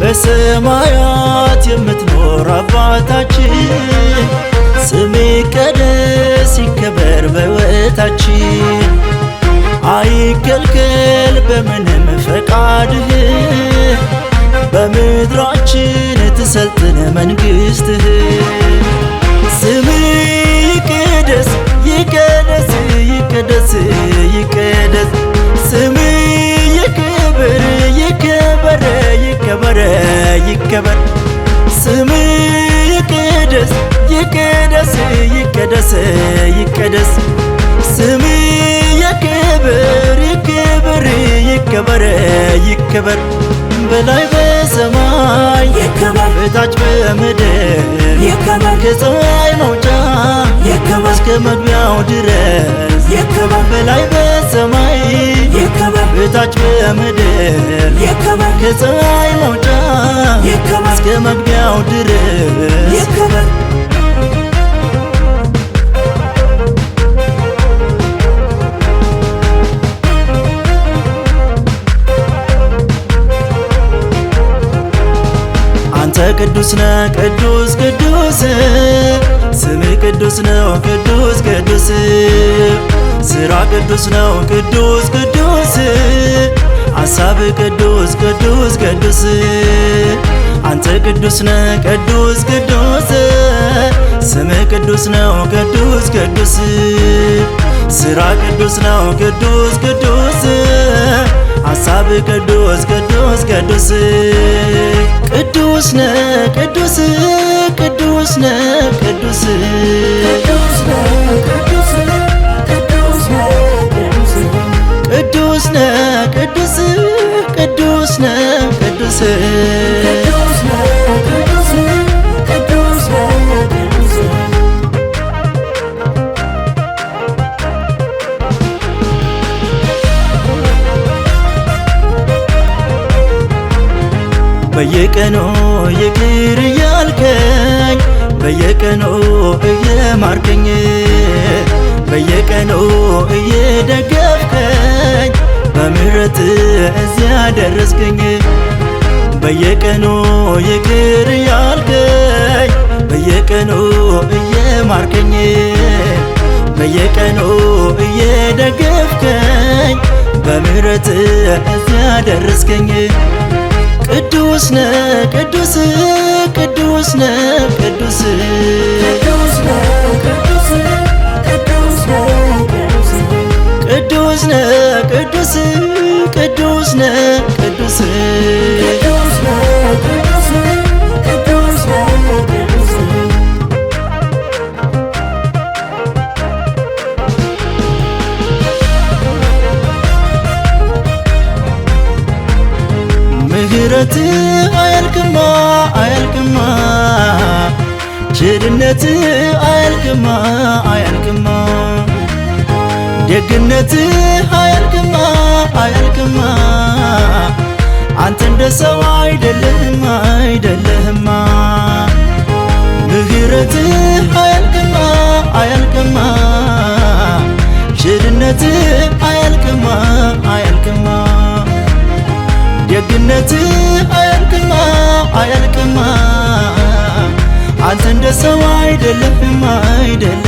በሰማያት የምትኖር አባታችን ስም ይቀደስ ይከበር በሕይወታችን አይከልከል በምንም ፈቃድህ በምድራችን ትሰልጥን መንግሥትህ ስም ይቀደስ ይቀደስ ይቀደስ ይቀደስ ይቀደስ ስም የክብር ይክብር ይከበር ይከበር በላይ በሰማይ ይከበር በታች በምድር ይከበር ከፀሐይ መውጫ ይከበር እስከ መግቢያው ድረስ ይከበር በላይ በሰማይ ይከበር በታች በምድር ይከበር ከፀሐይ መውጫ ይከበር እስከ መግቢያው ድረስ ይከበር አንተ ቅዱስ ነህ ቅዱስ ቅዱስ ስምህ ቅዱስ ነው ቅዱስ ቅዱስ ስራ ቅዱስ ነው ቅዱስ ቅዱስ አሳብ ቅዱስ ቅዱስ ቅዱስ አንተ ቅዱስ ነህ ቅዱስ ቅዱስ ስምህ ቅዱስ ነው ቅዱስ ቅዱስ ስራ ቅዱስ ነው ቅዱስ ቅዱስ ሀሳብ ቅዱስ ቅዱስ ቅዱስ ቅዱስ ነ ቅዱስ ቅዱስ ነ ቅዱስ ቅዱስ ነ ቅዱስ ቅዱስ ነ ቅዱስ በየቀኑ ይቅር እያልከኝ በየቀኑ እየማርከኝ በየቀኑ እየደገፍከኝ በምሕረት እዚያ ደረስከኝ በየቀኑ ይቅር እያልከኝ በየቀኑ እየማርከኝ በየቀኑ እየደገፍከኝ በምህረት እዚያ ደረስከኝ ነህ ቅዱስ ምሕረት አያልቅማ አያልቅማ ቸርነት አያልቅማ አያልቅማ ደግነት አያልቅማ አያልቅማ አንተ እንደ ሰው አይደለህም አይደለህማ ምሕረት አያልቅማ አያልቅማ ቸርነት አያልቅማ ምህረት አያልቅማ አያልቅማ አንተ እንደ ሰው አይደለህም አይደለ